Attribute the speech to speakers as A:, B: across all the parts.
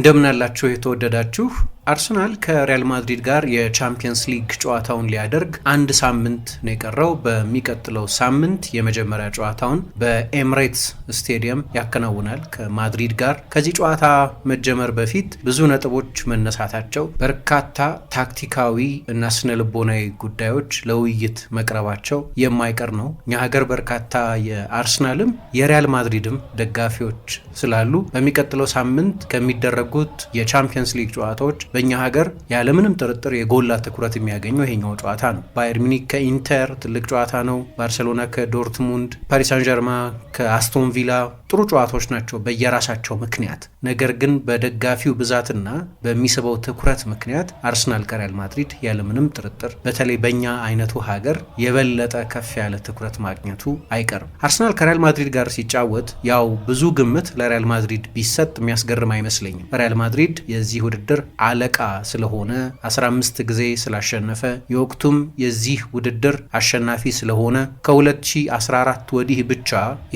A: እንደምን አላችሁ የተወደዳችሁ አርሰናል ከሪያል ማድሪድ ጋር የቻምፒየንስ ሊግ ጨዋታውን ሊያደርግ አንድ ሳምንት ነው የቀረው። በሚቀጥለው ሳምንት የመጀመሪያ ጨዋታውን በኤምሬትስ ስቴዲየም ያከናውናል ከማድሪድ ጋር። ከዚህ ጨዋታ መጀመር በፊት ብዙ ነጥቦች መነሳታቸው፣ በርካታ ታክቲካዊ እና ስነልቦናዊ ጉዳዮች ለውይይት መቅረባቸው የማይቀር ነው። እኛ ሀገር በርካታ የአርሰናልም የሪያል ማድሪድም ደጋፊዎች ስላሉ በሚቀጥለው ሳምንት ከሚደረጉት የቻምፒየንስ ሊግ ጨዋታዎች በእኛ ሀገር ያለምንም ጥርጥር የጎላ ትኩረት የሚያገኘው ይሄኛው ጨዋታ ነው። ባየር ሚኒክ ከኢንተር ትልቅ ጨዋታ ነው። ባርሴሎና ከዶርትሙንድ፣ ፓሪስ ሳን ጀርማ ከአስቶን ቪላ ጥሩ ጨዋታዎች ናቸው በየራሳቸው ምክንያት ነገር ግን በደጋፊው ብዛትና በሚስበው ትኩረት ምክንያት አርሰናል ከሪያል ማድሪድ ያለምንም ጥርጥር በተለይ በእኛ አይነቱ ሀገር የበለጠ ከፍ ያለ ትኩረት ማግኘቱ አይቀርም። አርሰናል ከሪያል ማድሪድ ጋር ሲጫወት ያው ብዙ ግምት ለሪያል ማድሪድ ቢሰጥ የሚያስገርም አይመስለኝም። ሪያል ማድሪድ የዚህ ውድድር አለቃ ስለሆነ 15 ጊዜ ስላሸነፈ የወቅቱም የዚህ ውድድር አሸናፊ ስለሆነ ከ2014 ወዲህ ብቻ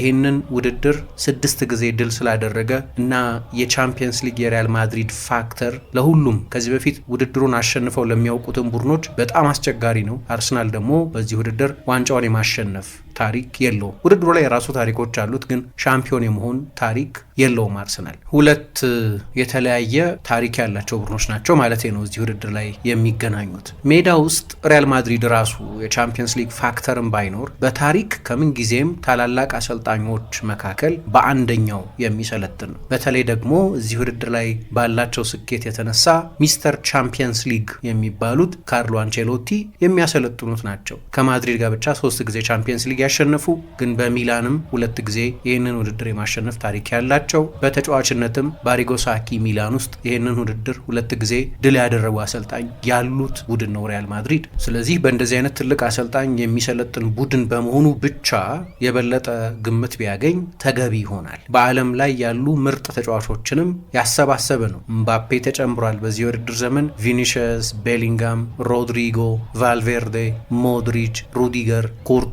A: ይህንን ውድድር ስድስት ጊዜ ድል ስላደረገ እና የቻምፒየንስ ሊግ የሪያል ማድሪድ ፋክተር ለሁሉም ከዚህ በፊት ውድድሩን አሸንፈው ለሚያውቁትን ቡድኖች በጣም አስቸጋሪ ነው። አርሰናል ደግሞ በዚህ ውድድር ዋንጫውን የማሸነፍ ታሪክ የለውም። ውድድሩ ላይ የራሱ ታሪኮች አሉት፣ ግን ሻምፒዮን የመሆን ታሪክ የለውም። አርሰናል ሁለት የተለያየ ታሪክ ያላቸው ቡድኖች ናቸው ማለት ነው እዚህ ውድድር ላይ የሚገናኙት። ሜዳ ውስጥ ሪያል ማድሪድ ራሱ የቻምፒየንስ ሊግ ፋክተርን ባይኖር በታሪክ ከምን ጊዜም ታላላቅ አሰልጣኞች መካከል በአንደኛው የሚሰለጥን ነው። በተለይ ደግሞ እዚህ ውድድር ላይ ባላቸው ስኬት የተነሳ ሚስተር ቻምፒየንስ ሊግ የሚባሉት ካርሎ አንቼሎቲ የሚያሰለጥኑት ናቸው። ከማድሪድ ጋር ብቻ ሶስት ጊዜ ቻምፒየንስ ሊግ ያሸነፉ ግን በሚላንም ሁለት ጊዜ ይህንን ውድድር የማሸነፍ ታሪክ ያላቸው በተጫዋችነትም ባሪጎሳኪ ሚላን ውስጥ ይህንን ውድድር ሁለት ጊዜ ድል ያደረጉ አሰልጣኝ ያሉት ቡድን ነው ሪያል ማድሪድ። ስለዚህ በእንደዚህ አይነት ትልቅ አሰልጣኝ የሚሰለጥን ቡድን በመሆኑ ብቻ የበለጠ ግምት ቢያገኝ ተገቢ ይሆናል። በዓለም ላይ ያሉ ምርጥ ተጫዋቾችንም ያሰባሰበ ነው። ምባፔ ተጨምሯል። በዚህ የውድድር ዘመን ቪኒሽስ፣ ቤሊንጋም፣ ሮድሪጎ፣ ቫልቬርዴ፣ ሞድሪች፣ ሩዲገር፣ ኮርቷ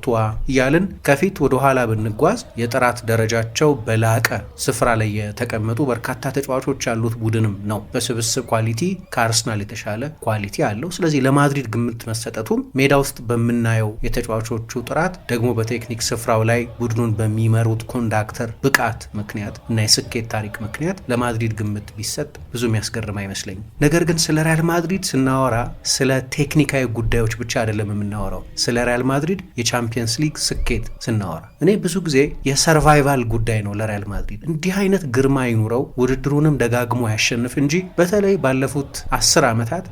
A: እያልን ከፊት ወደ ኋላ ብንጓዝ የጥራት ደረጃቸው በላቀ ስፍራ ላይ የተቀመጡ በርካታ ተጫዋቾች ያሉት ቡድንም ነው። በስብስብ ኳሊቲ ከአርሰናል የተሻለ ኳሊቲ አለው። ስለዚህ ለማድሪድ ግምት መሰጠቱም ሜዳ ውስጥ በምናየው የተጫዋቾቹ ጥራት ደግሞ በቴክኒክ ስፍራው ላይ ቡድኑን በሚመሩት ኮንዳክተር ብቃት ምክንያት እና የስኬት ታሪክ ምክንያት ለማድሪድ ግምት ቢሰጥ ብዙ የሚያስገርም አይመስለኝም። ነገር ግን ስለ ሪያል ማድሪድ ስናወራ ስለ ቴክኒካዊ ጉዳዮች ብቻ አይደለም የምናወራው። ስለ ሪያል ማድሪድ የቻምፒየንስ ሊግ ስኬት ስናወራ እኔ ብዙ ጊዜ የሰርቫይቫል ጉዳይ ነው ለሪያል ማድሪድ። እንዲህ አይነት ግርማ ይኑረው ውድድሩንም ደጋግሞ ያሸንፍ እንጂ በተለይ ባለፉት አስር ዓመታት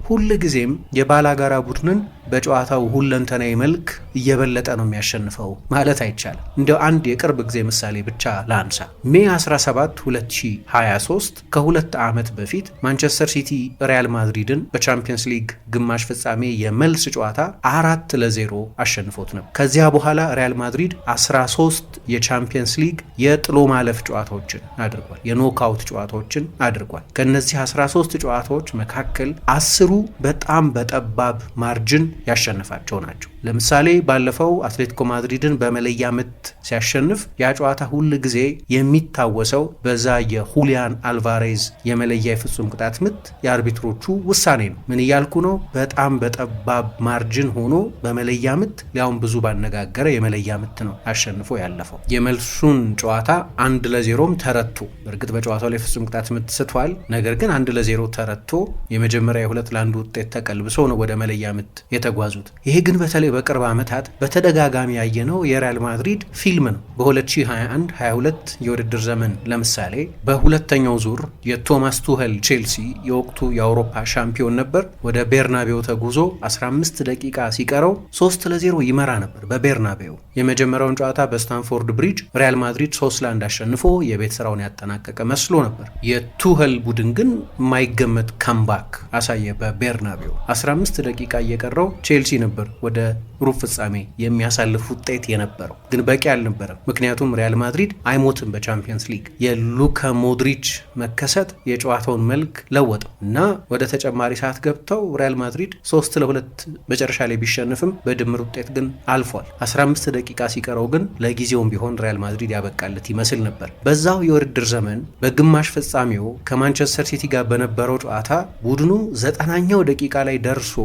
A: ጊዜም የባላጋራ ቡድንን በጨዋታው ሁለንተናዊ መልክ እየበለጠ ነው የሚያሸንፈው ማለት አይቻልም። እንደ አንድ የቅርብ ጊዜ ምሳሌ ብቻ ለአንሳ ሜ 17 2023 ከሁለት ዓመት በፊት ማንቸስተር ሲቲ ሪያል ማድሪድን በቻምፒየንስ ሊግ ግማሽ ፍጻሜ የመልስ ጨዋታ አራት ለዜሮ አሸንፎት ነው። ከዚያ በኋላ ሪያል ማድሪድ 13 የቻምፒየንስ ሊግ የጥሎ ማለፍ ጨዋታዎችን አድርጓል፣ የኖክአውት ጨዋታዎችን አድርጓል። ከእነዚህ 13 ጨዋታዎች መካከል አስሩ በጣም በጠባብ ማርጅን ያሸንፋቸው ናቸው። ለምሳሌ ባለፈው አትሌቲኮ ማድሪድን በመለያ ምት ሲያሸንፍ ያ ጨዋታ ሁል ጊዜ የሚታወሰው በዛ የሁሊያን አልቫሬዝ የመለያ የፍጹም ቅጣት ምት የአርቢትሮቹ ውሳኔ ነው። ምን እያልኩ ነው? በጣም በጠባብ ማርጅን ሆኖ በመለያ ምት ሊያውም ብዙ ባነጋገረ የመለያ ምት ነው አሸንፎ ያለፈው። የመልሱን ጨዋታ አንድ ለዜሮም ተረቶ በእርግጥ በጨዋታው ላይ ፍጹም ቅጣት ምት ስቷል። ነገር ግን አንድ ለዜሮ ተረቶ የመጀመሪያ የሁለት ለአንድ ውጤት ተቀልብሶ ነው ወደ መለያ ምት የተጓዙት። ይሄ ግን በተለይ በቅርብ ዓመታት በተደጋጋሚ ያየነው የሪያል ማድሪድ ፊልም ነው። በ2021 22 የውድድር ዘመን ለምሳሌ በሁለተኛው ዙር የቶማስ ቱኸል ቼልሲ የወቅቱ የአውሮፓ ሻምፒዮን ነበር። ወደ ቤርናቤው ተጉዞ 15 ደቂቃ ሲቀረው 3 ለ0 ይመራ ነበር በቤርናቤው። የመጀመሪያውን ጨዋታ በስታንፎርድ ብሪጅ ሪያል ማድሪድ 3 ለአንድ አሸንፎ የቤት ስራውን ያጠናቀቀ መስሎ ነበር። የቱሄል ቡድን ግን የማይገመት ካምባክ አሳየ በቤርናቤው። 15 ደቂቃ እየቀረው ቼልሲ ነበር ወደ ሩብ ፍጻሜ የሚያሳልፍ ውጤት የነበረው ግን በቂ አልነበረም። ምክንያቱም ሪያል ማድሪድ አይሞትም በቻምፒየንስ ሊግ። የሉካ ሞድሪች መከሰት የጨዋታውን መልክ ለወጠው እና ወደ ተጨማሪ ሰዓት ገብተው ሪያል ማድሪድ ሶስት ለሁለት መጨረሻ ላይ ቢሸንፍም በድምር ውጤት ግን አልፏል። 15 ደቂቃ ሲቀረው ግን ለጊዜውም ቢሆን ሪያል ማድሪድ ያበቃለት ይመስል ነበር። በዛው የውድድር ዘመን በግማሽ ፍጻሜው ከማንቸስተር ሲቲ ጋር በነበረው ጨዋታ ቡድኑ ዘጠናኛው ደቂቃ ላይ ደርሶ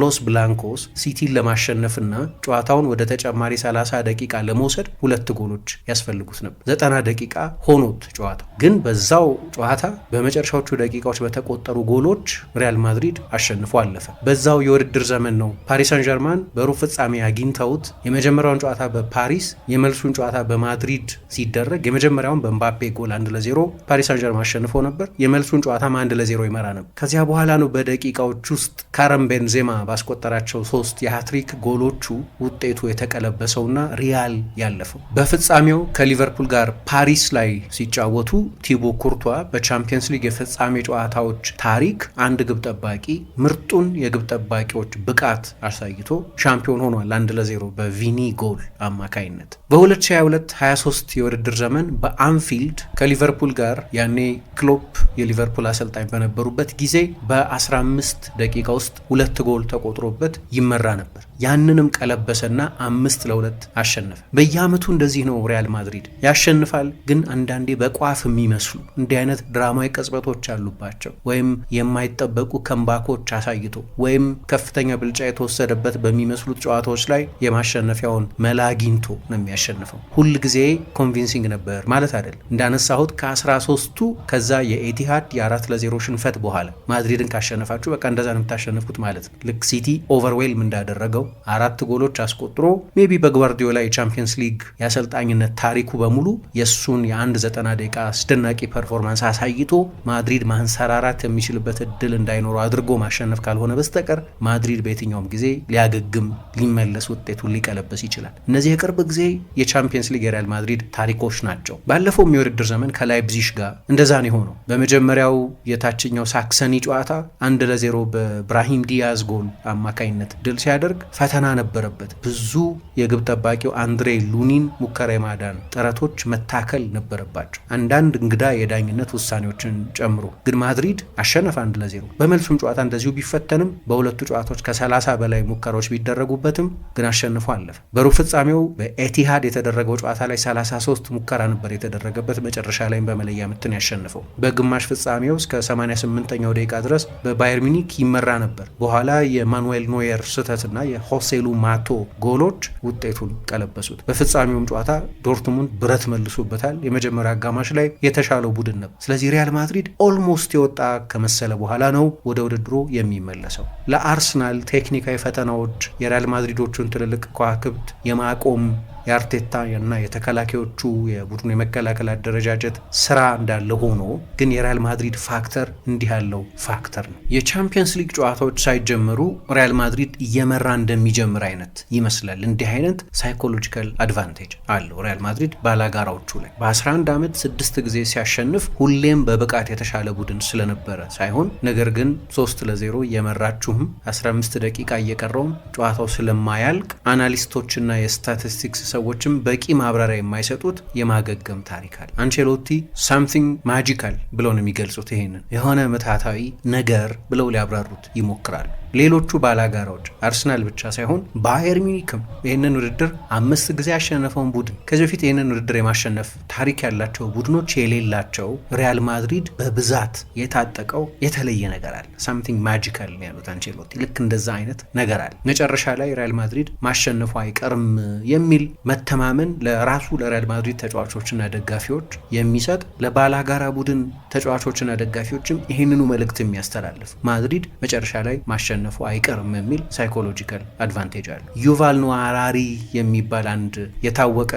A: ሎስ ብላንኮስ ሲቲን ለማሸነፍ ለማሸነፍና ጨዋታውን ወደ ተጨማሪ 30 ደቂቃ ለመውሰድ ሁለት ጎሎች ያስፈልጉት ነበር። ዘጠና ደቂቃ ሆኖት ጨዋታው ግን በዛው ጨዋታ በመጨረሻዎቹ ደቂቃዎች በተቆጠሩ ጎሎች ሪያል ማድሪድ አሸንፎ አለፈ። በዛው የውድድር ዘመን ነው ፓሪስ ሳን ጀርማን በሩብ ፍጻሜ አግኝተውት የመጀመሪያውን ጨዋታ በፓሪስ የመልሱን ጨዋታ በማድሪድ ሲደረግ የመጀመሪያውን በምባፔ ጎል አንድ ለዜሮ ፓሪስ ሳን ጀርማን አሸንፎ ነበር። የመልሱን ጨዋታም አንድ ለዜሮ ይመራ ነበር። ከዚያ በኋላ ነው በደቂቃዎች ውስጥ ካረም ቤንዜማ ባስቆጠራቸው ሶስት የሃትሪክ ጎ ጎሎቹ ውጤቱ የተቀለበሰውና ሪያል ያለፈው በፍጻሜው ከሊቨርፑል ጋር ፓሪስ ላይ ሲጫወቱ ቲቦ ኩርቷ በቻምፒየንስ ሊግ የፍጻሜ ጨዋታዎች ታሪክ አንድ ግብ ጠባቂ ምርጡን የግብ ጠባቂዎች ብቃት አሳይቶ ሻምፒዮን ሆኗል። አንድ ለዜሮ በቪኒ ጎል አማካይነት በ2022/23 የውድድር ዘመን በአንፊልድ ከሊቨርፑል ጋር ያኔ ክሎፕ የሊቨርፑል አሰልጣኝ በነበሩበት ጊዜ በ15 ደቂቃ ውስጥ ሁለት ጎል ተቆጥሮበት ይመራ ነበር። ያንንም ቀለበሰና አምስት ለሁለት አሸነፈ። በየአመቱ እንደዚህ ነው ሪያል ማድሪድ ያሸንፋል፣ ግን አንዳንዴ በቋፍ የሚመስሉ እንዲህ አይነት ድራማዊ ቅጽበቶች አሉባቸው። ወይም የማይጠበቁ ከምባኮች አሳይቶ ወይም ከፍተኛ ብልጫ የተወሰደበት በሚመስሉት ጨዋታዎች ላይ የማሸነፊያውን መላ አግኝቶ ነው የሚያሸንፈው። ሁል ጊዜ ኮንቪንሲንግ ነበር ማለት አይደለም። እንዳነሳሁት ከ13ቱ ከዛ የኤቲሃድ የአራት ለዜሮ ሽንፈት በኋላ ማድሪድን ካሸነፋችሁ በቃ እንደዛ ነው የምታሸነፉት ማለት ነው። ልክ ሲቲ ኦቨርዌልም እንዳደረገው ነው። አራት ጎሎች አስቆጥሮ ሜቢ በጓርዲዮላ የቻምፒየንስ ሊግ የአሰልጣኝነት ታሪኩ በሙሉ የእሱን የአንድ ዘጠና ደቂቃ አስደናቂ ፐርፎርማንስ አሳይቶ ማድሪድ ማንሰራራት የሚችልበት እድል እንዳይኖረው አድርጎ ማሸነፍ ካልሆነ በስተቀር ማድሪድ በየትኛውም ጊዜ ሊያገግም፣ ሊመለስ፣ ውጤቱን ሊቀለበስ ይችላል። እነዚህ የቅርብ ጊዜ የቻምፒየንስ ሊግ የሪያል ማድሪድ ታሪኮች ናቸው። ባለፈው የውድድር ዘመን ከላይፕዚሽ ጋር እንደዛ ነው የሆነው። በመጀመሪያው የታችኛው ሳክሰኒ ጨዋታ አንድ ለዜሮ በብራሂም ዲያዝ ጎል አማካኝነት ድል ሲያደርግ ፈተና ነበረበት። ብዙ የግብ ጠባቂው አንድሬ ሉኒን ሙከራ የማዳን ጥረቶች መታከል ነበረባቸው፣ አንዳንድ እንግዳ የዳኝነት ውሳኔዎችን ጨምሮ። ግን ማድሪድ አሸነፈ አንድ ለዜሮ። በመልሱም ጨዋታ እንደዚሁ ቢፈተንም በሁለቱ ጨዋታዎች ከ30 በላይ ሙከራዎች ቢደረጉበትም ግን አሸንፎ አለፈ። በሩብ ፍጻሜው በኤቲሃድ የተደረገው ጨዋታ ላይ 33 ሙከራ ነበር የተደረገበት፣ መጨረሻ ላይም በመለያ ምትን ያሸንፈው። በግማሽ ፍጻሜው እስከ 88ኛው ደቂቃ ድረስ በባየር ሚኒክ ይመራ ነበር። በኋላ የማኑዌል ኖየር ስህተትና የሆሴሉ ማቶ ጎሎች ውጤቱን ቀለበሱት። በፍጻሜውም ጨዋታ ዶርትሙንድ ብረት መልሶበታል። የመጀመሪያ አጋማሽ ላይ የተሻለው ቡድን ነበር። ስለዚህ ሪያል ማድሪድ ኦልሞስት የወጣ ከመሰለ በኋላ ነው ወደ ውድድሩ የሚመለሰው። ለአርሰናል ቴክኒካዊ ፈተናዎች የሪያል ማድሪዶቹን ትልልቅ ከዋክብት የማቆም የአርቴታ እና የተከላካዮቹ የቡድኑ የመከላከል አደረጃጀት ስራ እንዳለ ሆኖ ግን የሪያል ማድሪድ ፋክተር እንዲህ ያለው ፋክተር ነው። የቻምፒየንስ ሊግ ጨዋታዎች ሳይጀመሩ ሪያል ማድሪድ እየመራ እንደሚጀምር አይነት ይመስላል። እንዲህ አይነት ሳይኮሎጂካል አድቫንቴጅ አለው ሪያል ማድሪድ ባላጋራዎቹ ላይ። በ11 ዓመት ስድስት ጊዜ ሲያሸንፍ ሁሌም በብቃት የተሻለ ቡድን ስለነበረ ሳይሆን ነገር ግን 3 ለዜሮ እየመራችሁም 15 ደቂቃ እየቀረውም ጨዋታው ስለማያልቅ አናሊስቶችና የስታቲስቲክስ ሰዎችም በቂ ማብራሪያ የማይሰጡት የማገገም ታሪክ አለ። አንቸሎቲ ሳምቲንግ ማጂካል ብለው ነው የሚገልጹት። ይሄንን የሆነ መታታዊ ነገር ብለው ሊያብራሩት ይሞክራሉ። ሌሎቹ ባላጋራዎች አርሰናል ብቻ ሳይሆን ባየር ሚኒክም ይህንን ውድድር አምስት ጊዜ ያሸነፈውን ቡድን ከዚህ በፊት ይህንን ውድድር የማሸነፍ ታሪክ ያላቸው ቡድኖች የሌላቸው ሪያል ማድሪድ በብዛት የታጠቀው የተለየ ነገር አለ። ሳምቲንግ ማጂካል ነው ያሉት አንቼሎቲ ልክ እንደዛ አይነት ነገር አለ። መጨረሻ ላይ ሪያል ማድሪድ ማሸነፉ አይቀርም የሚል መተማመን ለራሱ ለሪያል ማድሪድ ተጫዋቾችና ደጋፊዎች የሚሰጥ ለባላጋራ ቡድን ተጫዋቾችና ደጋፊዎችም ይህንኑ መልእክት የሚያስተላልፍ ማድሪድ መጨረሻ ላይ ማሸነፍ ማሸነፉ አይቀርም የሚል ሳይኮሎጂካል አድቫንቴጅ አለ። ዩቫል ኖዋ ሃራሪ የሚባል አንድ የታወቀ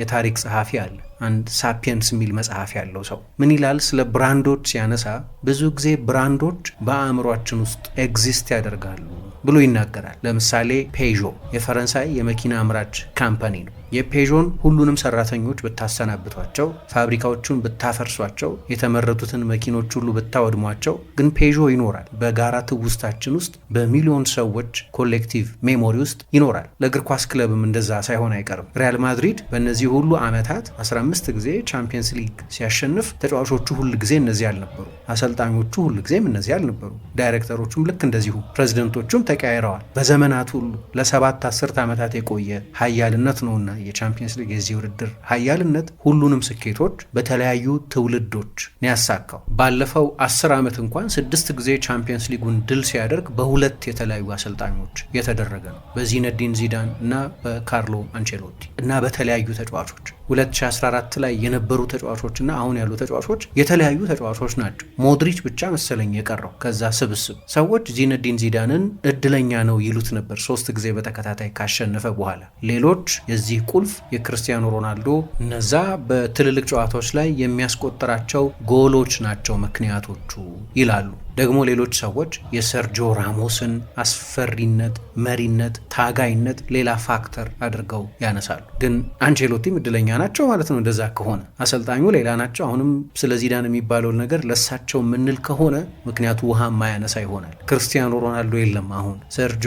A: የታሪክ ጸሐፊ አለ። አንድ ሳፒየንስ የሚል መጽሐፍ ያለው ሰው ምን ይላል? ስለ ብራንዶች ሲያነሳ ብዙ ጊዜ ብራንዶች በአእምሯችን ውስጥ ኤግዚስት ያደርጋሉ ብሎ ይናገራል። ለምሳሌ ፔዦ የፈረንሳይ የመኪና አምራች ካምፓኒ ነው። የፔዦን ሁሉንም ሰራተኞች ብታሰናብቷቸው፣ ፋብሪካዎቹን ብታፈርሷቸው፣ የተመረቱትን መኪኖች ሁሉ ብታወድሟቸው ግን ፔዦ ይኖራል። በጋራ ትውስታችን ውስጥ በሚሊዮን ሰዎች ኮሌክቲቭ ሜሞሪ ውስጥ ይኖራል። ለእግር ኳስ ክለብም እንደዛ ሳይሆን አይቀርም። ሪያል ማድሪድ በእነዚህ ሁሉ ዓመታት 15 ጊዜ ቻምፒየንስ ሊግ ሲያሸንፍ ተጫዋቾቹ ሁል ጊዜ እነዚህ አልነበሩ። አሰልጣኞቹ ሁል ጊዜም እነዚህ አልነበሩ። ዳይሬክተሮቹም ልክ እንደዚሁ፣ ፕሬዚደንቶቹም ተቀያይረዋል። በዘመናት ሁሉ ለሰባት አስርት ዓመታት የቆየ ሀያልነት ነውና የቻምፒየንስ ሊግ የዚህ ውድድር ሀያልነት ሁሉንም ስኬቶች በተለያዩ ትውልዶች ነው ያሳካው። ባለፈው አስር ዓመት እንኳን ስድስት ጊዜ ቻምፒየንስ ሊጉን ድል ሲያደርግ በሁለት የተለያዩ አሰልጣኞች የተደረገ ነው። በዚነዲን ዚዳን እና በካርሎ አንቸሎቲ እና በተለያዩ ተጫዋቾች 2014 ላይ የነበሩ ተጫዋቾች እና አሁን ያሉ ተጫዋቾች የተለያዩ ተጫዋቾች ናቸው። ሞድሪች ብቻ መሰለኝ የቀረው ከዛ ስብስብ። ሰዎች ዚነዲን ዚዳንን እድለኛ ነው ይሉት ነበር ሶስት ጊዜ በተከታታይ ካሸነፈ በኋላ ሌሎች የዚህ ቁልፍ የክርስቲያኖ ሮናልዶ እነዛ በትልልቅ ጨዋታዎች ላይ የሚያስቆጠራቸው ጎሎች ናቸው ምክንያቶቹ ይላሉ። ደግሞ ሌሎች ሰዎች የሰርጆ ራሞስን አስፈሪነት፣ መሪነት፣ ታጋይነት ሌላ ፋክተር አድርገው ያነሳሉ። ግን አንቼሎቲም እድለኛ ናቸው ማለት ነው። እንደዛ ከሆነ አሰልጣኙ ሌላ ናቸው። አሁንም ስለ ዚዳን የሚባለውን ነገር ለሳቸው የምንል ከሆነ ምክንያቱ ውሃ ማያነሳ ይሆናል። ክርስቲያኖ ሮናልዶ የለም አሁን፣ ሰርጆ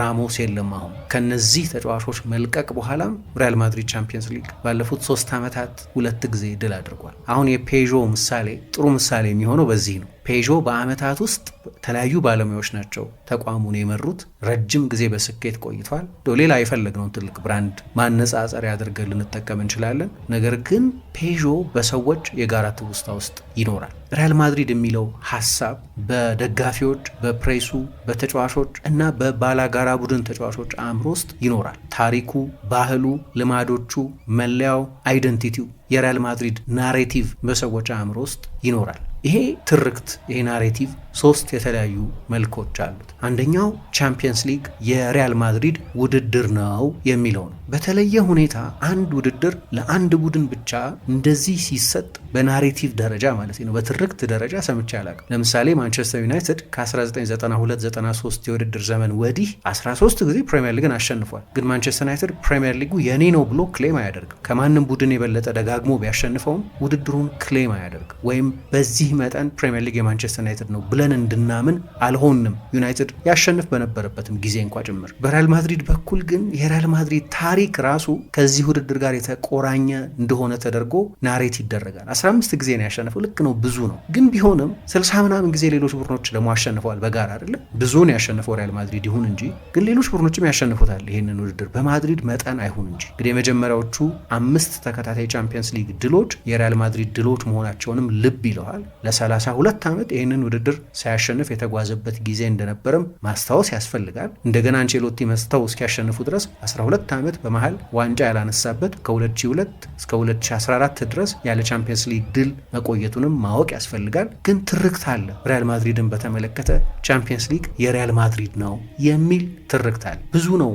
A: ራሞስ የለም አሁን። ከነዚህ ተጫዋቾች መልቀቅ በኋላም ሪያል ማድሪድ ቻምፒየንስ ሊግ ባለፉት ሶስት ዓመታት ሁለት ጊዜ ድል አድርጓል። አሁን የፔዦ ምሳሌ ጥሩ ምሳሌ የሚሆነው በዚህ ነው። ፔዦ በዓመታት ውስጥ የተለያዩ ባለሙያዎች ናቸው ተቋሙን የመሩት። ረጅም ጊዜ በስኬት ቆይቷል። ሌላ የፈለግነውን ትልቅ ብራንድ ማነጻጸር አድርገን ልንጠቀም እንችላለን። ነገር ግን ፔዦ በሰዎች የጋራ ትውስታ ውስጥ ይኖራል። ሪያል ማድሪድ የሚለው ሀሳብ በደጋፊዎች፣ በፕሬሱ፣ በተጫዋቾች እና በባላጋራ ቡድን ተጫዋቾች አእምሮ ውስጥ ይኖራል። ታሪኩ፣ ባህሉ፣ ልማዶቹ፣ መለያው፣ አይደንቲቲው የሪያል ማድሪድ ናሬቲቭ በሰዎች አእምሮ ውስጥ ይኖራል። ይሄ ትርክት ይሄ ናሬቲቭ ሶስት የተለያዩ መልኮች አሉት። አንደኛው ቻምፒየንስ ሊግ የሪያል ማድሪድ ውድድር ነው የሚለው ነው። በተለየ ሁኔታ አንድ ውድድር ለአንድ ቡድን ብቻ እንደዚህ ሲሰጥ በናሬቲቭ ደረጃ ማለት ነው፣ በትርክት ደረጃ ሰምቼ አላውቅም። ለምሳሌ ማንቸስተር ዩናይትድ ከ1992/93 የውድድር ዘመን ወዲህ 13 ጊዜ ፕሪምየር ሊግን አሸንፏል። ግን ማንቸስተር ዩናይትድ ፕሪምየር ሊጉ የኔ ነው ብሎ ክሌም አያደርግም። ከማንም ቡድን የበለጠ ደጋግሞ ቢያሸንፈውም ውድድሩን ክሌም አያደርግም። ወይም በዚህ መጠን ፕሪምየር ሊግ የማንቸስተር ዩናይትድ ነው ብለን ብለን እንድናምን አልሆንም። ዩናይትድ ያሸንፍ በነበረበትም ጊዜ እንኳ ጭምር በሪያል ማድሪድ በኩል ግን የሪያል ማድሪድ ታሪክ ራሱ ከዚህ ውድድር ጋር የተቆራኘ እንደሆነ ተደርጎ ናሬት ይደረጋል። 15 ጊዜ ነው ያሸነፈው። ልክ ነው፣ ብዙ ነው። ግን ቢሆንም 60 ምናምን ጊዜ ሌሎች ቡድኖች ደግሞ አሸንፈዋል በጋራ አይደለም። ብዙ ነው ያሸነፈው ሪያል ማድሪድ ይሁን እንጂ ግን ሌሎች ቡድኖችም ያሸንፉታል ይህንን ውድድር በማድሪድ መጠን አይሁን እንጂ እንግዲህ የመጀመሪያዎቹ አምስት ተከታታይ ቻምፒየንስ ሊግ ድሎች የሪያል ማድሪድ ድሎች መሆናቸውንም ልብ ይለዋል። ለ32 ዓመት ይህንን ውድድር ሳያሸንፍ የተጓዘበት ጊዜ እንደነበርም ማስታወስ ያስፈልጋል። እንደገና አንቼሎቲ መስተው እስኪያሸንፉ ድረስ 12 ዓመት በመሃል ዋንጫ ያላነሳበት ከ2002 እስከ 2014 ድረስ ያለ ቻምፒየንስ ሊግ ድል መቆየቱንም ማወቅ ያስፈልጋል። ግን ትርክት አለ። ሪያል ማድሪድን በተመለከተ ቻምፒየንስ ሊግ የሪያል ማድሪድ ነው የሚል ትርክት አለ። ብዙ ነው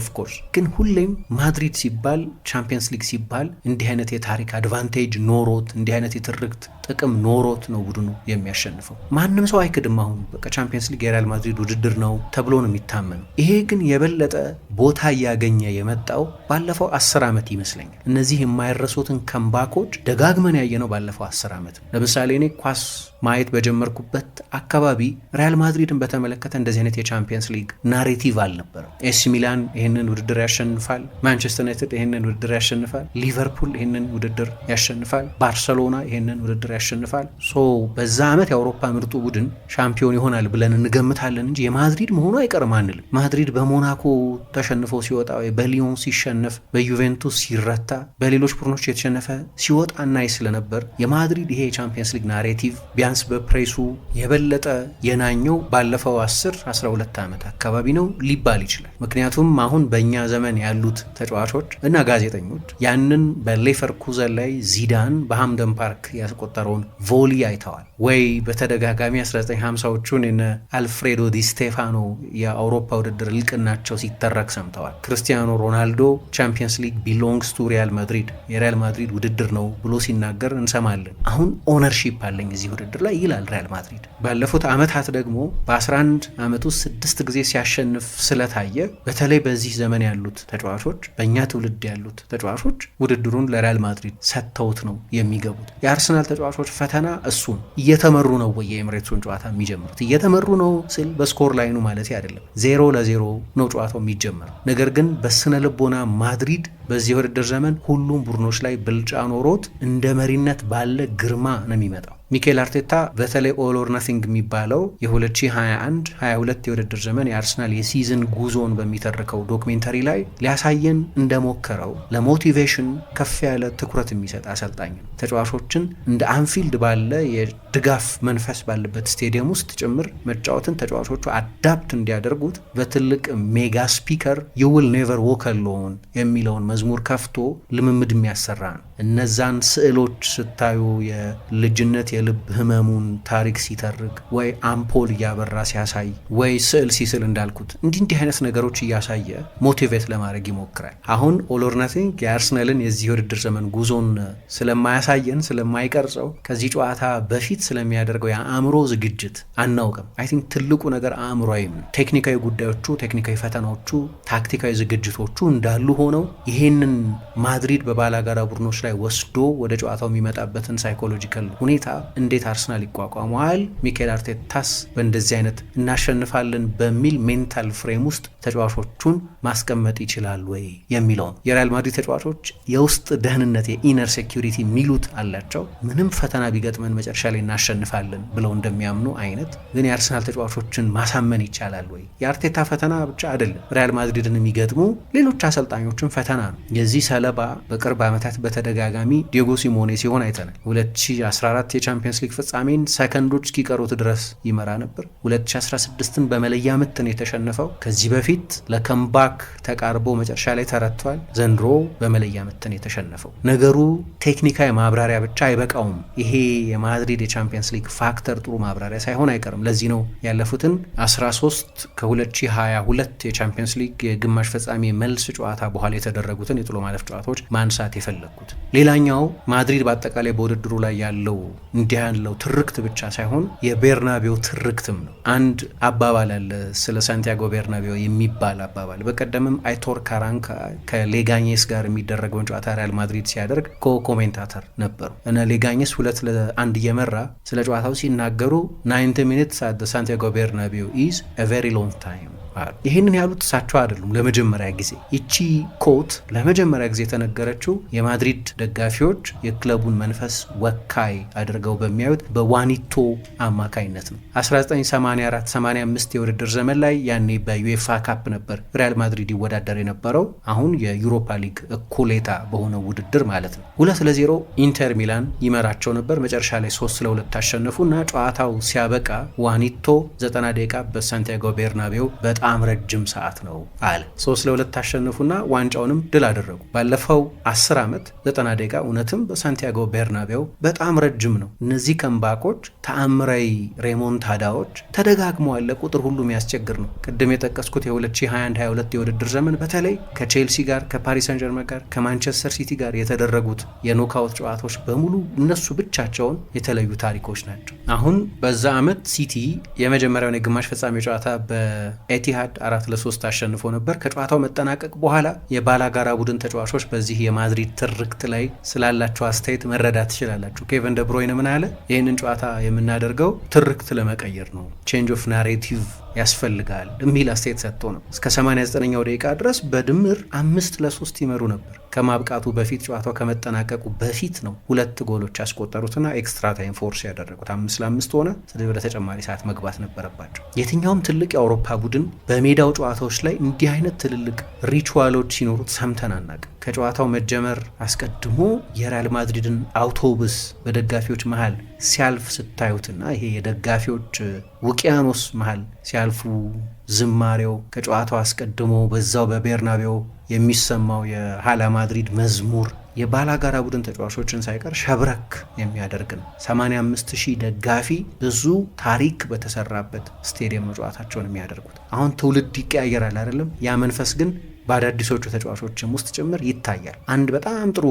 A: ኦፍኮርስ፣ ግን ሁሌም ማድሪድ ሲባል ቻምፒየንስ ሊግ ሲባል እንዲህ አይነት የታሪክ አድቫንቴጅ ኖሮት እንዲህ አይነት የትርክት ጥቅም ኖሮት ነው ቡድኑ የሚያሸንፈው ማንም ሰው ሰው አይክድም። አሁን በቃ ቻምፒየንስ ሊግ የሪያል ማድሪድ ውድድር ነው ተብሎ ነው የሚታመነው። ይሄ ግን የበለጠ ቦታ እያገኘ የመጣው ባለፈው አስር ዓመት ይመስለኛል። እነዚህ የማይረሱትን ከምባኮች ደጋግመን ያየነው ባለፈው አስር ዓመት ነው። ለምሳሌ እኔ ኳስ ማየት በጀመርኩበት አካባቢ ሪያል ማድሪድን በተመለከተ እንደዚህ አይነት የቻምፒየንስ ሊግ ናሬቲቭ አልነበረም። ኤሲ ሚላን ይህንን ውድድር ያሸንፋል፣ ማንቸስተር ዩናይትድ ይህንን ውድድር ያሸንፋል፣ ሊቨርፑል ይህንን ውድድር ያሸንፋል፣ ባርሰሎና ይህንን ውድድር ያሸንፋል። ሶ በዛ ዓመት የአውሮፓ ምርጡ ቡድን ግን ሻምፒዮን ይሆናል ብለን እንገምታለን እንጂ የማድሪድ መሆኑ አይቀርም አንልም። ማድሪድ በሞናኮ ተሸንፎ ሲወጣ፣ በሊዮን ሲሸነፍ፣ በዩቬንቱስ ሲረታ፣ በሌሎች ቡድኖች የተሸነፈ ሲወጣ እናይ ስለነበር የማድሪድ ይሄ የቻምፒየንስ ሊግ ናሬቲቭ ቢያንስ በፕሬሱ የበለጠ የናኘው ባለፈው 10 12 ዓመት አካባቢ ነው ሊባል ይችላል። ምክንያቱም አሁን በእኛ ዘመን ያሉት ተጫዋቾች እና ጋዜጠኞች ያንን በሌቨርኩዘን ላይ ዚዳን በሃምደን ፓርክ ያስቆጠረውን ቮሊ አይተዋል ወይ በተደጋጋሚ በ1950ዎቹን የነ አልፍሬዶ ዲ ስቴፋኖ የአውሮፓ ውድድር ልቅናቸው ሲተረክ ሰምተዋል። ክርስቲያኖ ሮናልዶ ቻምፒየንስ ሊግ ቢሎንግስ ቱ ሪያል ማድሪድ የሪያል ማድሪድ ውድድር ነው ብሎ ሲናገር እንሰማለን። አሁን ኦነርሺፕ አለኝ እዚህ ውድድር ላይ ይላል ሪያል ማድሪድ። ባለፉት ዓመታት ደግሞ በ11 ዓመት ውስጥ ስድስት ጊዜ ሲያሸንፍ ስለታየ በተለይ በዚህ ዘመን ያሉት ተጫዋቾች በእኛ ትውልድ ያሉት ተጫዋቾች ውድድሩን ለሪያል ማድሪድ ሰጥተውት ነው የሚገቡት። የአርሰናል ተጫዋቾች ፈተና እሱን እየተመሩ ነው ወይ የኤምሬትሱን ጨዋታ የሚጀምሩት። እየተመሩ ነው ስል በስኮር ላይኑ ማለት አይደለም። ዜሮ ለዜሮ ነው ጨዋታው የሚጀመረው። ነገር ግን በስነ ልቦና ማድሪድ በዚህ ውድድር ዘመን ሁሉም ቡድኖች ላይ ብልጫ ኖሮት እንደ መሪነት ባለ ግርማ ነው የሚመጣው። ሚኬል አርቴታ በተለይ ኦል ኦር ናቲንግ የሚባለው የ2021 22 የውድድር ዘመን የአርሰናል የሲዝን ጉዞን በሚተርከው ዶክሜንተሪ ላይ ሊያሳየን እንደሞከረው ለሞቲቬሽን ከፍ ያለ ትኩረት የሚሰጥ አሰልጣኝ ነው። ተጫዋቾችን እንደ አንፊልድ ባለ የድጋፍ መንፈስ ባለበት ስቴዲየም ውስጥ ጭምር መጫወትን ተጫዋቾቹ አዳፕት እንዲያደርጉት በትልቅ ሜጋ ስፒከር የውል ኔቨር ዎክ አሎን የሚለውን መዝሙር ከፍቶ ልምምድ የሚያሰራ ነው። እነዛን ስዕሎች ስታዩ የልጅነት የልብ ህመሙን ታሪክ ሲተርክ ወይ አምፖል እያበራ ሲያሳይ ወይ ስዕል ሲስል እንዳልኩት እንዲህ እንዲህ አይነት ነገሮች እያሳየ ሞቲቬት ለማድረግ ይሞክራል። አሁን ኦሎርነቲንግ የአርሰናልን የዚህ ውድድር ዘመን ጉዞን ስለማያሳየን ስለማይቀርጸው ከዚህ ጨዋታ በፊት ስለሚያደርገው የአእምሮ ዝግጅት አናውቅም። አይ ቲንክ ትልቁ ነገር አእምሯዊም ቴክኒካዊ ጉዳዮቹ፣ ቴክኒካዊ ፈተናዎቹ፣ ታክቲካዊ ዝግጅቶቹ እንዳሉ ሆነው ይሄንን ማድሪድ በባላጋራ ቡድኖች ላይ ወስዶ ወደ ጨዋታው የሚመጣበትን ሳይኮሎጂካል ሁኔታ እንዴት አርሰናል ይቋቋመዋል? ሚካኤል አርቴታስ በእንደዚህ አይነት እናሸንፋለን በሚል ሜንታል ፍሬም ውስጥ ተጫዋቾቹን ማስቀመጥ ይችላል ወይ የሚለው ነው። የሪያል ማድሪድ ተጫዋቾች የውስጥ ደህንነት የኢነር ሴኪሪቲ የሚሉት አላቸው። ምንም ፈተና ቢገጥመን መጨረሻ ላይ እናሸንፋለን ብለው እንደሚያምኑ አይነት ግን የአርሰናል ተጫዋቾችን ማሳመን ይቻላል ወይ? የአርቴታ ፈተና ብቻ አይደለም ሪያል ማድሪድን የሚገጥሙ ሌሎች አሰልጣኞችን ፈተና ነው። የዚህ ሰለባ በቅርብ ዓመታት በተደጋጋሚ ዲጎ ሲሞኔ ሲሆን አይተናል። 2014 የቻምፒየንስ ሊግ ፍጻሜን ሰከንዶች እስኪቀሩት ድረስ ይመራ ነበር። 2016ን በመለያ ምት ነው የተሸነፈው። ከዚህ በፊት ለከምባክ ተቃርቦ መጨረሻ ላይ ተረቷል። ዘንድሮ በመለያ ምት ነው የተሸነፈው። ነገሩ ቴክኒካዊ ማብራሪያ ብቻ አይበቃውም። ይሄ የማድሪድ የቻምፒየንስ ሊግ ፋክተር ጥሩ ማብራሪያ ሳይሆን አይቀርም። ለዚህ ነው ያለፉትን 13 ከ2022 የቻምፒየንስ ሊግ የግማሽ ፍጻሜ መልስ ጨዋታ በኋላ የተደረጉትን የጥሎ ማለፍ ጨዋታዎች ማንሳት የፈለግኩት። ሌላኛው ማድሪድ በአጠቃላይ በውድድሩ ላይ ያለው እንዲህ ያለው ትርክት ብቻ ሳይሆን የቤርናቤው ትርክትም ነው። አንድ አባባል አለ ስለ ሳንቲያጎ ቤርናቤው የሚባል አባባል። በቀደምም አይቶር ካራንካ ከሌጋኘስ ጋር የሚደረገውን ጨዋታ ሪያል ማድሪድ ሲያደርግ ኮኮሜንታተር ነበሩ እና ሌጋኘስ ሁለት ለአንድ እየመራ ስለ ጨዋታው ሲናገሩ ናይንቲ ሚኒትስ ሳንቲያጎ ቤርናቤው ኢዝ ቨሪ ሎንግ ታይም አሉ። ይህንን ያሉት እሳቸው አይደሉም። ለመጀመሪያ ጊዜ ይቺ ኮት ለመጀመሪያ ጊዜ የተነገረችው የማድሪድ ደጋፊዎች የክለቡን መንፈስ ወካይ አድርገው በሚያዩት በዋኒቶ አማካይነት ነው። 1984/85 የውድድር ዘመን ላይ ያኔ በዩኤፋ ካፕ ነበር ሪያል ማድሪድ ይወዳደር የነበረው አሁን የዩሮፓ ሊግ እኩሌታ በሆነ ውድድር ማለት ነው። ሁለት ለዜሮ ኢንተር ሚላን ይመራቸው ነበር። መጨረሻ ላይ ሶስት ለሁለት አሸነፉ እና ጨዋታው ሲያበቃ ዋኒቶ 90 ደቂቃ በሳንቲያጎ ቤርናቤው በጣም በጣም ረጅም ሰዓት ነው አለ። ሶስት ለሁለት አሸነፉና ዋንጫውንም ድል አደረጉ። ባለፈው አስር ዓመት ዘጠና ደቂቃ እውነትም በሳንቲያጎ ቤርናቤው በጣም ረጅም ነው። እነዚህ ከምባኮች ተአምራዊ ሬሞንታዳዎች ተደጋግመው አለ ቁጥር ሁሉ የሚያስቸግር ነው። ቅድም የጠቀስኩት የ2021/22 የውድድር ዘመን በተለይ ከቼልሲ ጋር ከፓሪስ ሰን ጋር ከማንቸስተር ሲቲ ጋር የተደረጉት የኖካውት ጨዋታዎች በሙሉ እነሱ ብቻቸውን የተለዩ ታሪኮች ናቸው። አሁን በዛ ዓመት ሲቲ የመጀመሪያውን የግማሽ ፍጻሜ ጨዋታ በኤቲ ኢቲሃድ አራት ለሶስት አሸንፎ ነበር። ከጨዋታው መጠናቀቅ በኋላ የባላጋራ ቡድን ተጫዋቾች በዚህ የማድሪድ ትርክት ላይ ስላላቸው አስተያየት መረዳት ትችላላችሁ። ኬቨን ደብሮይን ምን አለ? ይህንን ጨዋታ የምናደርገው ትርክት ለመቀየር ነው፣ ቼንጅ ኦፍ ናሬቲቭ ያስፈልጋል የሚል አስተያየት ሰጥቶ ነው። እስከ 89ኛው ደቂቃ ድረስ በድምር አምስት ለሶስት ይመሩ ነበር። ከማብቃቱ በፊት ጨዋታው ከመጠናቀቁ በፊት ነው ሁለት ጎሎች ያስቆጠሩትና ኤክስትራ ታይም ፎርስ ያደረጉት። አምስት ለአምስት ሆነ። ስለዚህ ወደ ተጨማሪ ሰዓት መግባት ነበረባቸው። የትኛውም ትልቅ የአውሮፓ ቡድን በሜዳው ጨዋታዎች ላይ እንዲህ አይነት ትልልቅ ሪቹዋሎች ሲኖሩት ሰምተን አናቅ። ከጨዋታው መጀመር አስቀድሞ የሪያል ማድሪድን አውቶቡስ በደጋፊዎች መሃል ሲያልፍ ስታዩትና ይሄ የደጋፊዎች ውቅያኖስ መሃል ሲያልፉ ዝማሬው ከጨዋታው አስቀድሞ በዛው በቤርናቤው የሚሰማው የሃላ ማድሪድ መዝሙር የባላጋራ ቡድን ተጫዋቾችን ሳይቀር ሸብረክ የሚያደርግ ነው። 85 ሺህ ደጋፊ ብዙ ታሪክ በተሰራበት ስቴዲየም ነው ጨዋታቸውን የሚያደርጉት። አሁን ትውልድ ይቀያየራል አይደለም? ያ መንፈስ ግን በአዳዲሶቹ ተጫዋቾችም ውስጥ ጭምር ይታያል። አንድ በጣም ጥሩ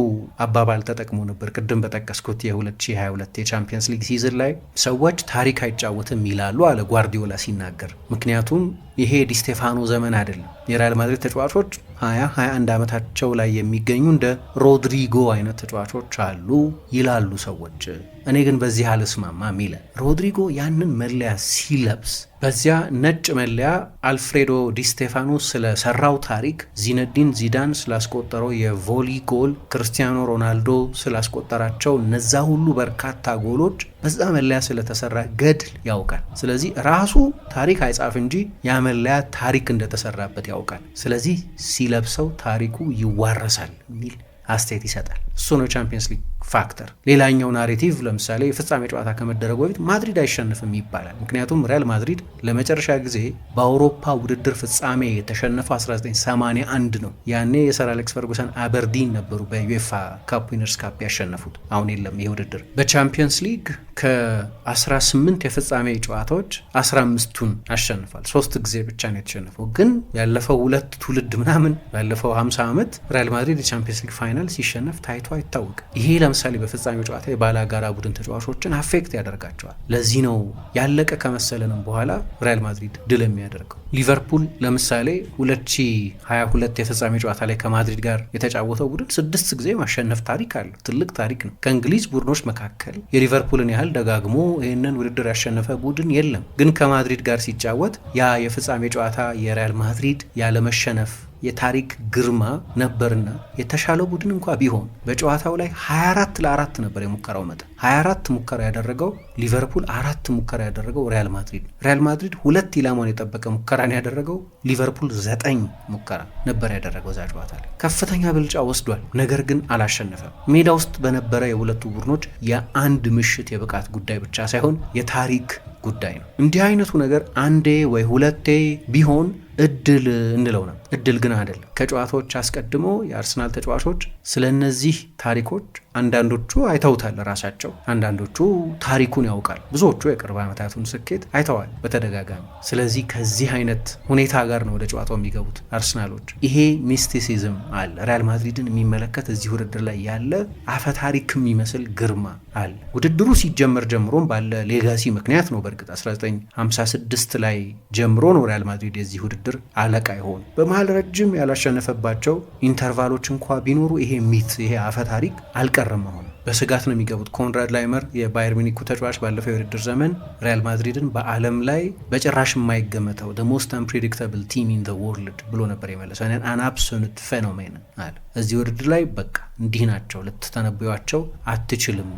A: አባባል ተጠቅሞ ነበር ቅድም በጠቀስኩት የ2022 የቻምፒየንስ ሊግ ሲዝን ላይ ሰዎች ታሪክ አይጫወትም ይላሉ አለ ጓርዲዮላ ሲናገር። ምክንያቱም ይሄ ዲስቴፋኖ ዘመን አይደለም። የሪያል ማድሪድ ተጫዋቾች 20 21 ዓመታቸው ላይ የሚገኙ እንደ ሮድሪጎ አይነት ተጫዋቾች አሉ ይላሉ ሰዎች። እኔ ግን በዚህ አልስማማም ይለ ሮድሪጎ ያንን መለያ ሲለብስ በዚያ ነጭ መለያ አልፍሬዶ ዲስቴፋኖ ስለሰራው ታሪክ፣ ዚነዲን ዚዳን ስላስቆጠረው የቮሊ ጎል፣ ክርስቲያኖ ሮናልዶ ስላስቆጠራቸው እነዛ ሁሉ በርካታ ጎሎች በዛ መለያ ስለተሰራ ገድል ያውቃል። ስለዚህ ራሱ ታሪክ አይጻፍ እንጂ ያ መለያ ታሪክ እንደተሰራበት ያውቃል። ስለዚህ ሲለብሰው ታሪኩ ይዋረሳል የሚል አስተያየት ይሰጣል። እሱ ነው ቻምፒየንስ ሊግ ፋክተር። ሌላኛው ናሬቲቭ ለምሳሌ የፍጻሜ ጨዋታ ከመደረጉ በፊት ማድሪድ አይሸንፍም ይባላል። ምክንያቱም ሪያል ማድሪድ ለመጨረሻ ጊዜ በአውሮፓ ውድድር ፍጻሜ የተሸነፈው 1981 ነው። ያኔ የሰር አሌክስ ፈርጉሰን አበርዲን ነበሩ በዩኤፋ ካፕ ዊነርስ ካፕ ያሸነፉት። አሁን የለም ይህ ውድድር። በቻምፒየንስ ሊግ ከ18 የፍጻሜ ጨዋታዎች 15ቱን አሸንፏል። ሶስት ጊዜ ብቻ ነው የተሸነፈው። ግን ያለፈው ሁለት ትውልድ ምናምን ባለፈው 50 ዓመት ሪያል ማድሪድ የቻምፒየንስ ሊግ ፋይናል ሲሸነፍ ታይቶ አይታወቅም። ይሄ ለምሳሌ በፍጻሜው ጨዋታ የባላጋራ ቡድን ተጫዋቾችን አፌክት ያደርጋቸዋል። ለዚህ ነው ያለቀ ከመሰለንም በኋላ ሪያል ማድሪድ ድል የሚያደርገው። ሊቨርፑል ለምሳሌ 2022 የፍጻሜ ጨዋታ ላይ ከማድሪድ ጋር የተጫወተው ቡድን ስድስት ጊዜ ማሸነፍ ታሪክ አለው። ትልቅ ታሪክ ነው። ከእንግሊዝ ቡድኖች መካከል የሊቨርፑልን ያህል ደጋግሞ ይህንን ውድድር ያሸነፈ ቡድን የለም። ግን ከማድሪድ ጋር ሲጫወት ያ የፍጻሜ ጨዋታ የሪያል ማድሪድ ያለመሸነፍ የታሪክ ግርማ ነበርና የተሻለው ቡድን እንኳ ቢሆን በጨዋታው ላይ 24 ለአራት ነበር የሙከራው መጠን። 24 ሙከራ ያደረገው ሊቨርፑል፣ አራት ሙከራ ያደረገው ሪያል ማድሪድ። ሪያል ማድሪድ ሁለት ኢላማን የጠበቀ ሙከራን ያደረገው ሊቨርፑል ዘጠኝ ሙከራ ነበር ያደረገው እዛ ጨዋታ ላይ። ከፍተኛ ብልጫ ወስዷል፣ ነገር ግን አላሸነፈም። ሜዳ ውስጥ በነበረ የሁለቱ ቡድኖች የአንድ ምሽት የብቃት ጉዳይ ብቻ ሳይሆን የታሪክ ጉዳይ ነው። እንዲህ አይነቱ ነገር አንዴ ወይ ሁለቴ ቢሆን እድል እንለው ነው። እድል ግን አይደለም። ከጨዋታዎች አስቀድሞ የአርሰናል ተጫዋቾች ስለ እነዚህ ታሪኮች አንዳንዶቹ አይተውታል ራሳቸው፣ አንዳንዶቹ ታሪኩን ያውቃል፣ ብዙዎቹ የቅርብ ዓመታቱን ስኬት አይተዋል በተደጋጋሚ። ስለዚህ ከዚህ አይነት ሁኔታ ጋር ነው ወደ ጨዋታው የሚገቡት አርሰናሎች። ይሄ ሚስቲሲዝም አለ። ሪያል ማድሪድን የሚመለከት እዚህ ውድድር ላይ ያለ አፈታሪክ የሚመስል ግርማ አለ። ውድድሩ ሲጀመር ጀምሮም ባለ ሌጋሲ ምክንያት ነው። በእርግጥ 1956 ላይ ጀምሮ ነው ሪያል ማድሪድ የዚህ ውድድር አለቃ ይሆን በመሀል ያህል ረጅም ያላሸነፈባቸው ኢንተርቫሎች እንኳ ቢኖሩ ይሄ ሚት ይሄ አፈ ታሪክ አልቀረም። አሁን በስጋት ነው የሚገቡት። ኮንራድ ላይመር የባየር ሚኒኩ ተጫዋች ባለፈው የውድድር ዘመን ሪያል ማድሪድን በዓለም ላይ በጭራሽ የማይገመተው ደ ሞስት አንፕሬዲክታብል ቲም ኢን ወርልድ ብሎ ነበር የመለሰው። አን አብሶሉት ፌኖሜን አለ። እዚህ ውድድር ላይ በቃ እንዲህ ናቸው፣ ልትተነበዩቸው አትችልም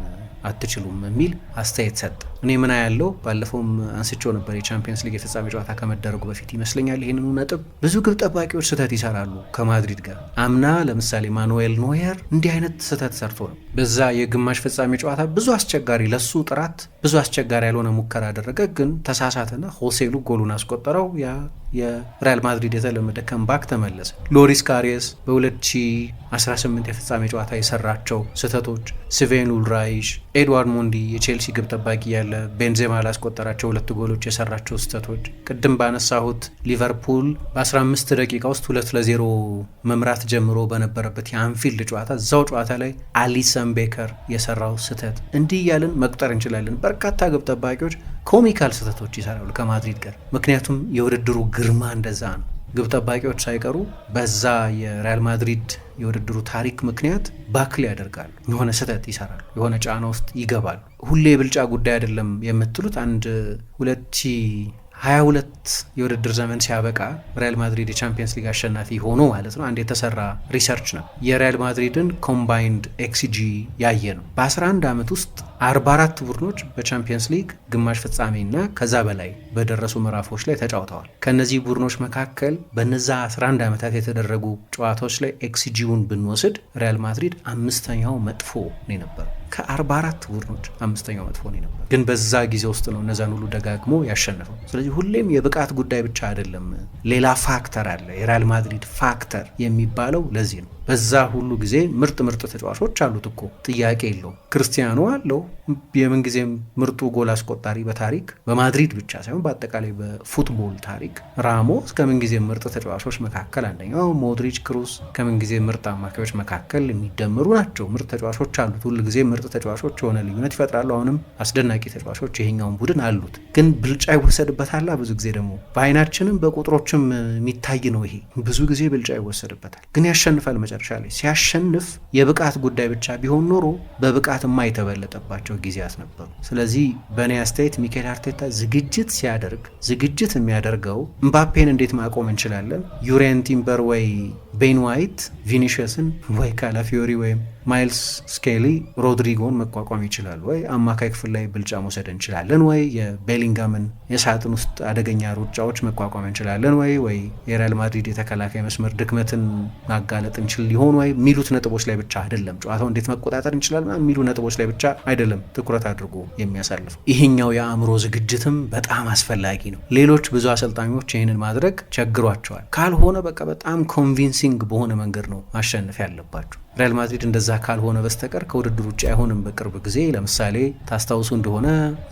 A: አትችሉም የሚል አስተያየት ሰጥ እኔ ምን ያለው ባለፈውም አንስቼው ነበር የቻምፒየንስ ሊግ የፍጻሜ ጨዋታ ከመደረጉ በፊት ይመስለኛል ይህንኑ ነጥብ። ብዙ ግብ ጠባቂዎች ስህተት ይሰራሉ ከማድሪድ ጋር። አምና ለምሳሌ ማኑኤል ኖየር እንዲህ አይነት ስህተት ሰርቶ ነው በዛ የግማሽ ፍጻሜ ጨዋታ ብዙ አስቸጋሪ ለሱ ጥራት ብዙ አስቸጋሪ ያልሆነ ሙከራ አደረገ፣ ግን ተሳሳተና ሆሴሉ ጎሉን አስቆጠረው ያ የሪያል ማድሪድ የተለመደ ከምባክ ተመለሰ። ሎሪስ ካሪየስ በ2018 የፍጻሜ ጨዋታ የሰራቸው ስህተቶች፣ ስቬን ኡልራይሽ፣ ኤድዋርድ ሞንዲ የቼልሲ ግብ ጠባቂ ያለ ቤንዜማ ላስቆጠራቸው ሁለት ጎሎች የሰራቸው ስህተቶች፣ ቅድም ባነሳሁት ሊቨርፑል በ15 ደቂቃ ውስጥ ሁለት ለዜሮ መምራት ጀምሮ በነበረበት የአንፊልድ ጨዋታ እዛው ጨዋታ ላይ አሊሰን ቤከር የሰራው ስህተት፣ እንዲህ እያልን መቁጠር እንችላለን። በርካታ ግብ ጠባቂዎች ኮሚካል ስህተቶች ይሰራሉ ከማድሪድ ጋር። ምክንያቱም የውድድሩ ግርማ እንደዛ ነው። ግብ ጠባቂዎች ሳይቀሩ በዛ የሪያል ማድሪድ የውድድሩ ታሪክ ምክንያት ባክል ያደርጋሉ፣ የሆነ ስህተት ይሰራሉ፣ የሆነ ጫና ውስጥ ይገባሉ። ሁሌ የብልጫ ጉዳይ አይደለም የምትሉት አንድ ሁለት 22 የውድድር ዘመን ሲያበቃ ሪያል ማድሪድ የቻምፒየንስ ሊግ አሸናፊ ሆኖ ማለት ነው። አንድ የተሰራ ሪሰርች ነው የሪያል ማድሪድን ኮምባይንድ ኤክስጂ ያየ ነው። በ11 ዓመት ውስጥ 44 ቡድኖች በቻምፒየንስ ሊግ ግማሽ ፍጻሜና ከዛ በላይ በደረሱ ምዕራፎች ላይ ተጫውተዋል። ከእነዚህ ቡድኖች መካከል በነዛ 11 ዓመታት የተደረጉ ጨዋታዎች ላይ ኤክስጂውን ብንወስድ ሪያል ማድሪድ አምስተኛው መጥፎ ነው የነበረው። ከ44 ቡድኖች አምስተኛው መጥፎ ነው የነበረው፣ ግን በዛ ጊዜ ውስጥ ነው እነዛን ሁሉ ደጋግሞ ያሸነፈው። ስለዚህ ሁሌም የብቃት ጉዳይ ብቻ አይደለም፣ ሌላ ፋክተር አለ። የሪያል ማድሪድ ፋክተር የሚባለው ለዚህ ነው። በዛ ሁሉ ጊዜ ምርጥ ምርጥ ተጫዋቾች አሉት እኮ ጥያቄ የለው። ክርስቲያኖ አለው የምንጊዜም ምርጡ ጎል አስቆጣሪ በታሪክ በማድሪድ ብቻ ሳይሆን በአጠቃላይ በፉትቦል ታሪክ። ራሞስ ከምንጊዜም ምርጥ ተጫዋቾች መካከል አንደኛው፣ ሞድሪች፣ ክሩስ ጊዜ ምርጥ አማካዮች መካከል የሚደመሩ ናቸው። ምርጥ ተጫዋቾች አሉት። ጊዜ ምርጥ ተጫዋቾች የሆነ ልዩነት ይፈጥራሉ። አሁንም አስደናቂ ተጫዋቾች ይሄኛውን ቡድን አሉት። ግን ብልጫ ይወሰድበታላ ብዙ ጊዜ ደግሞ በአይናችንም በቁጥሮችም የሚታይ ነው። ይሄ ብዙ ጊዜ ብልጫ ይወሰድበታል፣ ግን ያሸንፋል መጨ መጨረሻ ላይ ሲያሸንፍ የብቃት ጉዳይ ብቻ ቢሆን ኖሮ በብቃት የማይተበለጠባቸው ጊዜያት ነበሩ። ስለዚህ በእኔ አስተያየት ሚካኤል አርቴታ ዝግጅት ሲያደርግ ዝግጅት የሚያደርገው እምባፔን እንዴት ማቆም እንችላለን፣ ዩሬን ቲምበር ወይ ቤን ዋይት ቪኒሽስን ወይ ካላፊዮሪ ወይም ማይልስ ስኬሊ ሮድሪጎን መቋቋም ይችላል ወይ? አማካይ ክፍል ላይ ብልጫ መውሰድ እንችላለን ወይ? የቤሊንጋምን የሳጥን ውስጥ አደገኛ ሩጫዎች መቋቋም እንችላለን ወይ? ወይ የሪያል ማድሪድ የተከላካይ መስመር ድክመትን ማጋለጥ እንችል ሊሆን ወይ? የሚሉት ነጥቦች ላይ ብቻ አይደለም ጨዋታው እንዴት መቆጣጠር እንችላል የሚሉ ነጥቦች ላይ ብቻ አይደለም ትኩረት አድርጎ የሚያሳልፍ ይሄኛው የአእምሮ ዝግጅትም በጣም አስፈላጊ ነው። ሌሎች ብዙ አሰልጣኞች ይህንን ማድረግ ቸግሯቸዋል። ካልሆነ በቃ በጣም ኮንቪንሲንግ በሆነ መንገድ ነው ማሸነፍ ያለባቸው። ሪያል ማድሪድ እንደዛ ካልሆነ በስተቀር ከውድድር ውጭ አይሆንም። በቅርብ ጊዜ ለምሳሌ ታስታውሱ እንደሆነ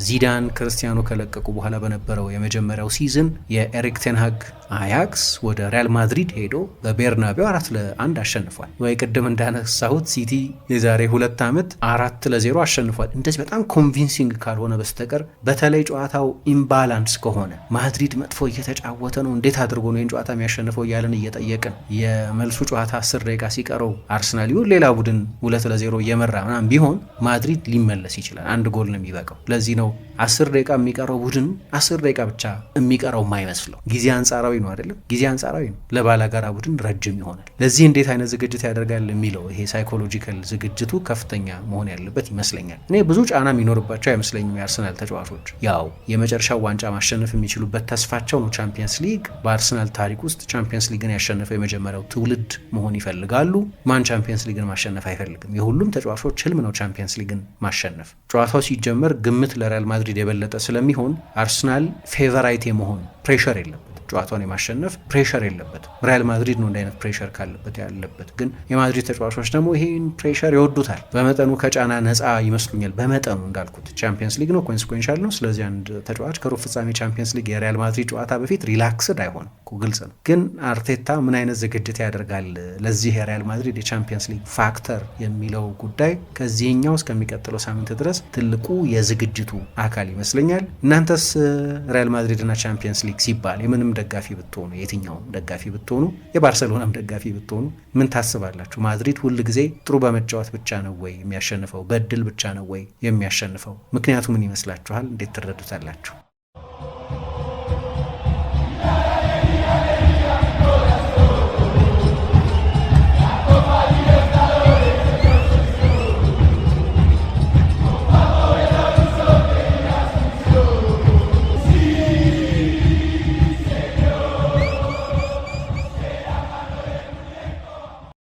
A: ዚዳን ክርስቲያኖ ከለቀቁ በኋላ በነበረው የመጀመሪያው ሲዝን የኤሪክ ቴንሃግ አያክስ ወደ ሪያል ማድሪድ ሄዶ በቤርናቢው አራት ለአንድ አሸንፏል። ወይ ቅድም እንዳነሳሁት ሲቲ የዛሬ ሁለት ዓመት አራት ለዜሮ አሸንፏል። እንደዚህ በጣም ኮንቪንሲንግ ካልሆነ በስተቀር በተለይ ጨዋታው ኢምባላንስ ከሆነ ማድሪድ መጥፎ እየተጫወተ ነው፣ እንዴት አድርጎ ነው ይህን ጨዋታ የሚያሸንፈው እያለን እየጠየቅን የመልሱ ጨዋታ አስር ደቂቃ ሲቀረው አርሰናል ይሁን ሌላ ቡድን ሁለት ለዜሮ እየመራ ምናምን ቢሆን ማድሪድ ሊመለስ ይችላል። አንድ ጎል ነው የሚበቃው። ለዚህ ነው አስር ደቂቃ የሚቀረው ቡድን አስር ደቂቃ ብቻ የሚቀረው የማይመስለው ጊዜ አንጻራዊ አንጻራዊ ነው አይደለም፣ ጊዜ አንጻራዊ ነው። ለባላጋራ ቡድን ረጅም ይሆናል። ለዚህ እንዴት አይነት ዝግጅት ያደርጋል የሚለው ይሄ ሳይኮሎጂካል ዝግጅቱ ከፍተኛ መሆን ያለበት ይመስለኛል። እኔ ብዙ ጫና የሚኖርባቸው አይመስለኝም የአርሰናል ተጫዋቾች። ያው የመጨረሻው ዋንጫ ማሸነፍ የሚችሉበት ተስፋቸው ነው ቻምፒየንስ ሊግ። በአርሰናል ታሪክ ውስጥ ቻምፒየንስ ሊግን ያሸነፈው የመጀመሪያው ትውልድ መሆን ይፈልጋሉ። ማን ቻምፒየንስ ሊግን ማሸነፍ አይፈልግም? የሁሉም ተጫዋቾች ህልም ነው ቻምፒየንስ ሊግን ማሸነፍ። ጨዋታው ሲጀመር ግምት ለሪያል ማድሪድ የበለጠ ስለሚሆን አርሰናል ፌቨራይት የመሆን ፕሬሸር የለም። ጨዋታውን የማሸነፍ ፕሬሸር የለበትም። ሪያል ማድሪድ ነው እንዲህ አይነት ፕሬሸር ካለበት ያለበት። ግን የማድሪድ ተጫዋቾች ደግሞ ይህን ፕሬሸር ይወዱታል። በመጠኑ ከጫና ነፃ ይመስሉኛል። በመጠኑ እንዳልኩት ቻምፒየንስ ሊግ ነው፣ ኮንስኮንሻል ነው። ስለዚህ አንድ ተጫዋች ከሩብ ፍጻሜ ቻምፒየንስ ሊግ የሪያል ማድሪድ ጨዋታ በፊት ሪላክስድ አይሆንም፣ ግልጽ ነው። ግን አርቴታ ምን አይነት ዝግጅት ያደርጋል ለዚህ የሪያል ማድሪድ የቻምፒየንስ ሊግ ፋክተር የሚለው ጉዳይ ከዚህኛው እስከሚቀጥለው ሳምንት ድረስ ትልቁ የዝግጅቱ አካል ይመስለኛል። እናንተስ ሪያል ማድሪድና ቻምፒየንስ ሊግ ሲባል የምንም ደጋፊ ብትሆኑ፣ የትኛውም ደጋፊ ብትሆኑ፣ የባርሰሎናም ደጋፊ ብትሆኑ ምን ታስባላችሁ? ማድሪድ ሁል ጊዜ ጥሩ በመጫወት ብቻ ነው ወይ የሚያሸንፈው? በእድል ብቻ ነው ወይ የሚያሸንፈው? ምክንያቱ ምን ይመስላችኋል? እንዴት ትረዱታላችሁ?